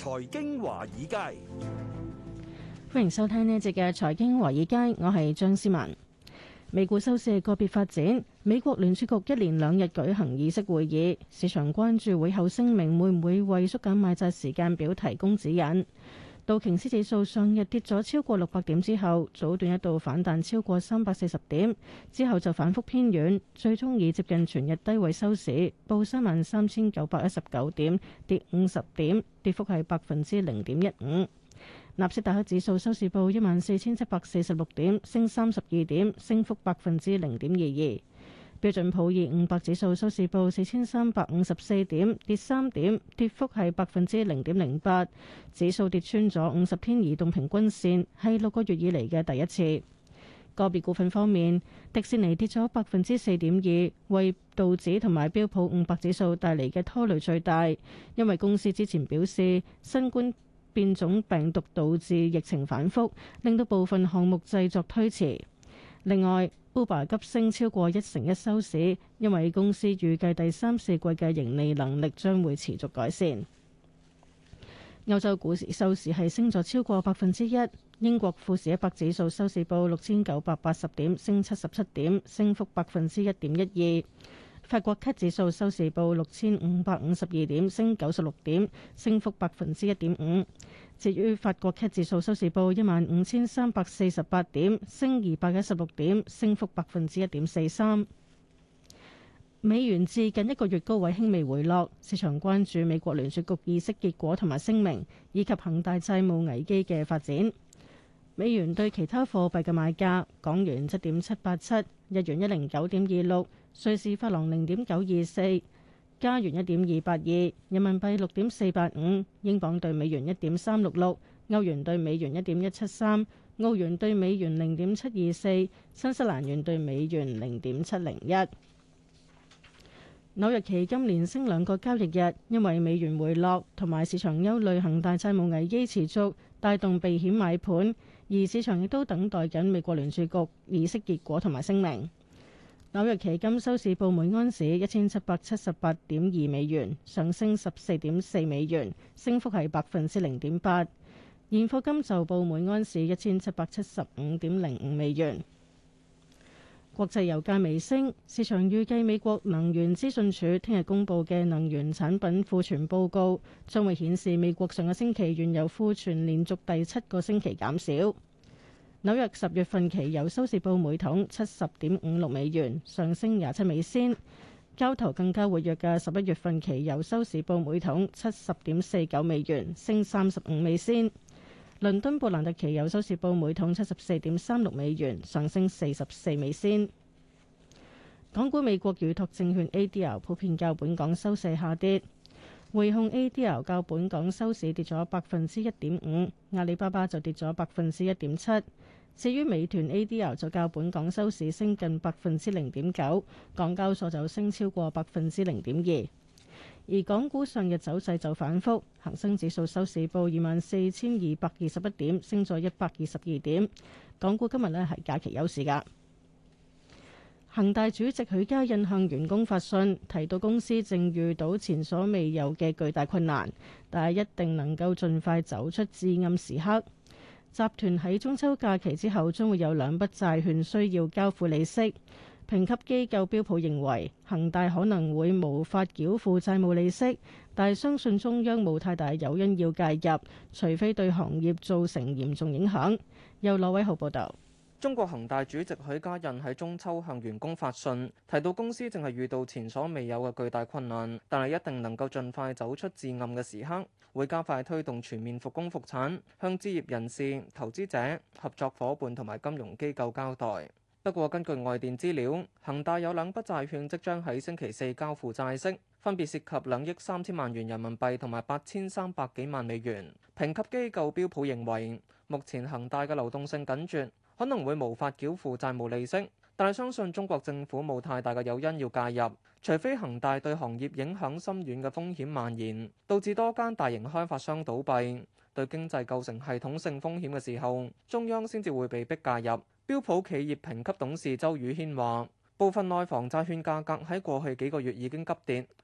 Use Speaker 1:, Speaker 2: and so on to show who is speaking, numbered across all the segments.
Speaker 1: 財經華爾街，
Speaker 2: 歡迎收聽呢一節嘅財經華爾街，我係張思文。美股收市個別發展，美國聯儲局一連兩日舉行議息會議，市場關注會後聲明會唔會為縮減買債時間表提供指引。道瓊斯指數上日跌咗超過六百點之後，早段一度反彈超過三百四十點，之後就反覆偏軟，最終以接近全日低位收市，報三萬三千九百一十九點，跌五十點，跌幅係百分之零點一五。納斯達克指數收市報一萬四千七百四十六點，升三十二點，升幅百分之零點二二。標準普爾五百指數收市報四千三百五十四點，跌三點，跌幅係百分之零點零八。指數跌穿咗五十天移動平均線，係六個月以嚟嘅第一次。個別股份方面，迪士尼跌咗百分之四點二，為道指同埋標普五百指數帶嚟嘅拖累最大，因為公司之前表示新冠變種病毒導致疫情反覆，令到部分項目製作推遲。另外 Uber 急升超過一成一收市，因為公司預計第三四季嘅盈利能力將會持續改善。歐洲股市收市係升咗超過百分之一，英國富時一百指數收市報六千九百八十點，升七十七點，升幅百分之一點一二。法國 K 指數收市報六千五百五十二點，升九十六點，升幅百分之一點五。至於法國指數收市報一萬五千三百四十八點，升二百一十六點，升幅百分之一點四三。美元至近一個月高位輕微回落，市場關注美國聯儲局議息結果同埋聲明，以及恒大債務危機嘅發展。美元對其他貨幣嘅買價：港元七點七八七，日元一零九點二六，瑞士法郎零點九二四。加元一點二八二，人民幣六點四八五，英鎊對美元一點三六六，歐元對美元一點一七三，澳元對美元零點七二四，新西蘭元對美元零點七零一。紐約期金連升兩個交易日，因為美元回落同埋市場憂慮恒大債務危機持續，帶動避險買盤，而市場亦都等待緊美國聯儲局議息結果同埋聲明。紐約期金收市報每安士一千七百七十八點二美元，上升十四點四美元，升幅係百分之零點八。現貨金就報每安士一千七百七十五點零五美元。國際油價微升，市場預計美國能源資訊署聽日公布嘅能源產品庫存報告，將會顯示美國上個星期原油庫存連續第七個星期減少。紐約十月份期油收市報每桶七十點五六美元，上升廿七美仙。交投更加活躍嘅十一月份期油收市報每桶七十點四九美元，升三十五美仙。倫敦布蘭特期油收市報每桶七十四點三六美元，上升四十四美仙。港股美國預託證券 ADL 普遍較本港收市下跌，匯控 ADL 較本港收市跌咗百分之一點五，阿里巴巴就跌咗百分之一點七。至於美團 ADR 就較本港收市升近百分之零點九，港交所就升超過百分之零點二，而港股上日走勢就反覆，恒生指數收市報二萬四千二百二十一點，升咗一百二十二點。港股今日呢係假期休市㗎。恒大主席許家印向員工發信，提到公司正遇到前所未有嘅巨大困難，但係一定能夠盡快走出至暗時刻。集團喺中秋假期之後將會有兩筆債券需要交付利息。評級機構標普認為，恒大可能會無法繳付債務利息，但相信中央冇太大誘因要介入，除非對行業造成嚴重影響。又羅偉豪報導，
Speaker 1: 中國恒大主席許家印喺中秋向員工發信，提到公司淨係遇到前所未有嘅巨大困難，但係一定能夠盡快走出至暗嘅時刻。會加快推動全面復工復產，向置業人士、投資者、合作伙伴同埋金融機構交代。不過，根據外電資料，恒大有兩筆債券即將喺星期四交付債息，分別涉及兩億三千萬元人民幣同埋八千三百幾萬美元。評級機構標普認為，目前恒大嘅流動性緊絀，可能會無法繳付債務利息。但係相信中國政府冇太大嘅誘因要介入，除非恒大對行業影響深遠嘅風險蔓延，導致多間大型開發商倒閉，對經濟構成系統性風險嘅時候，中央先至會被逼介入。標普企業評級董事周宇軒話，部分內房債券價格喺過去幾個月已經急跌。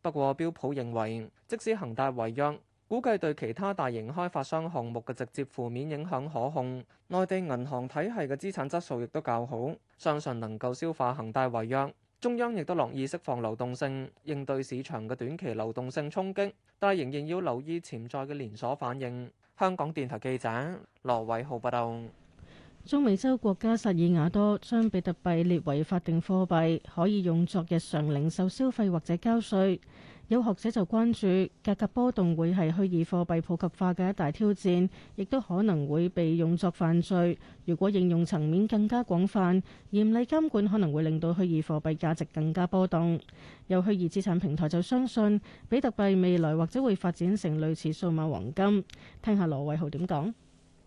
Speaker 1: 不過，標普認為，即使恒大違約，估計對其他大型開發商項目嘅直接負面影響可控。內地銀行體系嘅資產質素亦都較好，相信能夠消化恒大違約。中央亦都樂意釋放流動性，應對市場嘅短期流動性衝擊，但係仍然要留意潛在嘅連鎖反應。香港電台記者羅偉豪報道。
Speaker 2: 中美洲國家薩爾瓦多將比特幣列為法定貨幣，可以用作日常零售消費或者交稅。有學者就關注價格波動會係虛擬貨幣普及化嘅一大挑戰，亦都可能會被用作犯罪。如果應用層面更加廣泛，嚴厲監管可能會令到虛擬貨幣價值更加波動。有虛擬資產平台就相信比特幣未來或者會發展成類似數碼黃金。聽下羅偉豪點講。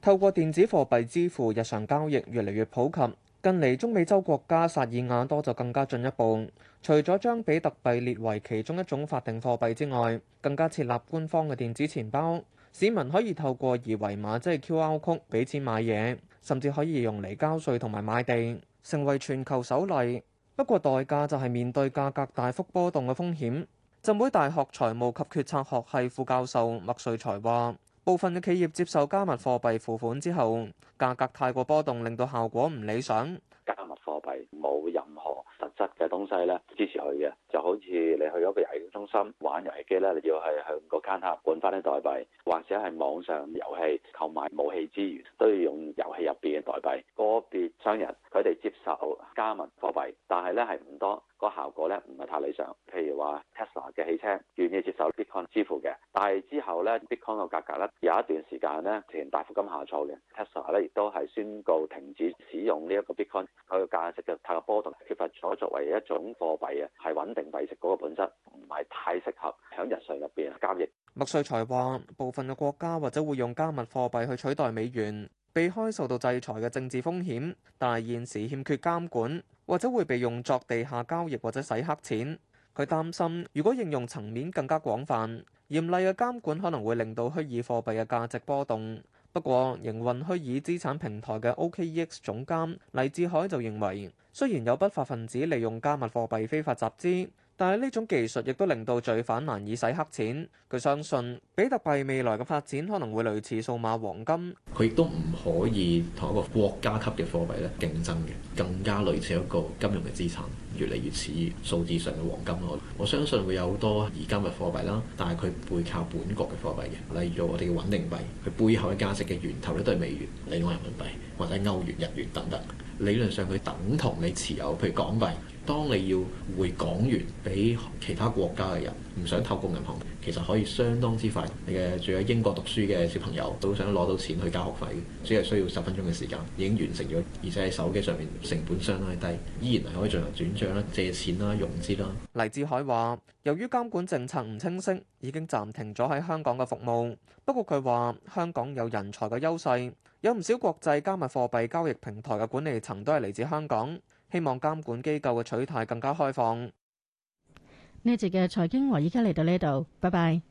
Speaker 1: 透過電子貨幣支付日常交易越嚟越普及，近嚟中美洲國家薩爾瓦多就更加進一步。除咗將比特幣列為其中一種法定貨幣之外，更加設立官方嘅電子錢包，市民可以透過二維碼即係 QR code 俾錢買嘢，甚至可以用嚟交稅同埋買地，成為全球首例。不過代價就係面對價格大幅波動嘅風險。浸會大學財務及決策學系副教授麥瑞才話。部分嘅企業接受加密貨幣付款之後，價格太過波動，令到效果唔理想。加密貨幣冇任何實質嘅東西咧支持佢嘅，就好似你去咗個遊戲中心玩遊戲機咧，你要係向個攤客換返啲代幣，或者係網上遊戲購買武器資源，都要用遊戲入邊嘅代幣。個別商人佢哋接受加密貨幣，但係咧係唔多。個效果咧唔係太理想，譬如話 Tesla 嘅汽車願意接受 Bitcoin 支付嘅，但係之後咧 Bitcoin 嘅價格咧有一段時間咧呈現大幅咁下挫嘅，Tesla 咧亦都係宣告停止使用呢一個 Bitcoin 佢個價值嘅太大波動，缺乏咗作為一種貨幣啊係穩定幣值嗰個本質，唔係太適合喺日常入邊交易。麥瑞才話：部分嘅國家或者會用加密貨幣去取代美元。避開受到制裁嘅政治風險，但係現時欠缺監管，或者會被用作地下交易或者洗黑錢。佢擔心，如果應用層面更加廣泛，嚴厲嘅監管可能會令到虛擬貨幣嘅價值波動。不過，營運虛擬資產平台嘅 OKEX 總監黎志海就認為，雖然有不法分子利用加密貨幣非法集資。但係呢種技術亦都令到罪犯難以洗黑錢。佢相信比特幣未來嘅發展可能會類似數碼黃金。佢亦都唔可以同一個國家級嘅貨幣咧競爭嘅，更加類似一個金融嘅資產，越嚟越似數字上嘅黃金咯。我相信會有好多而加密貨幣啦，但係佢背靠本國嘅貨幣嘅，例如我哋嘅穩定幣，佢背後嘅價值嘅源頭咧都係美元、利用人民幣或者歐元、日元等等。理論上佢等同你持有譬如港幣。當你要匯港元俾其他國家嘅人，唔想透過銀行，其實可以相當之快。你嘅住喺英國讀書嘅小朋友都想攞到錢去交學費嘅，只係需要十分鐘嘅時間，已經完成咗，而且喺手機上面成本相當低，依然係可以進行轉賬啦、借錢啦、融資啦。黎志海話：由於監管政策唔清晰，已經暫停咗喺香港嘅服務。不過佢話香港有人才嘅優勢，有唔少國際加密貨幣交易平台嘅管理層都係嚟自香港。希望監管機構嘅取態更加開放。
Speaker 2: 呢節嘅財經和而家嚟到呢度，拜拜。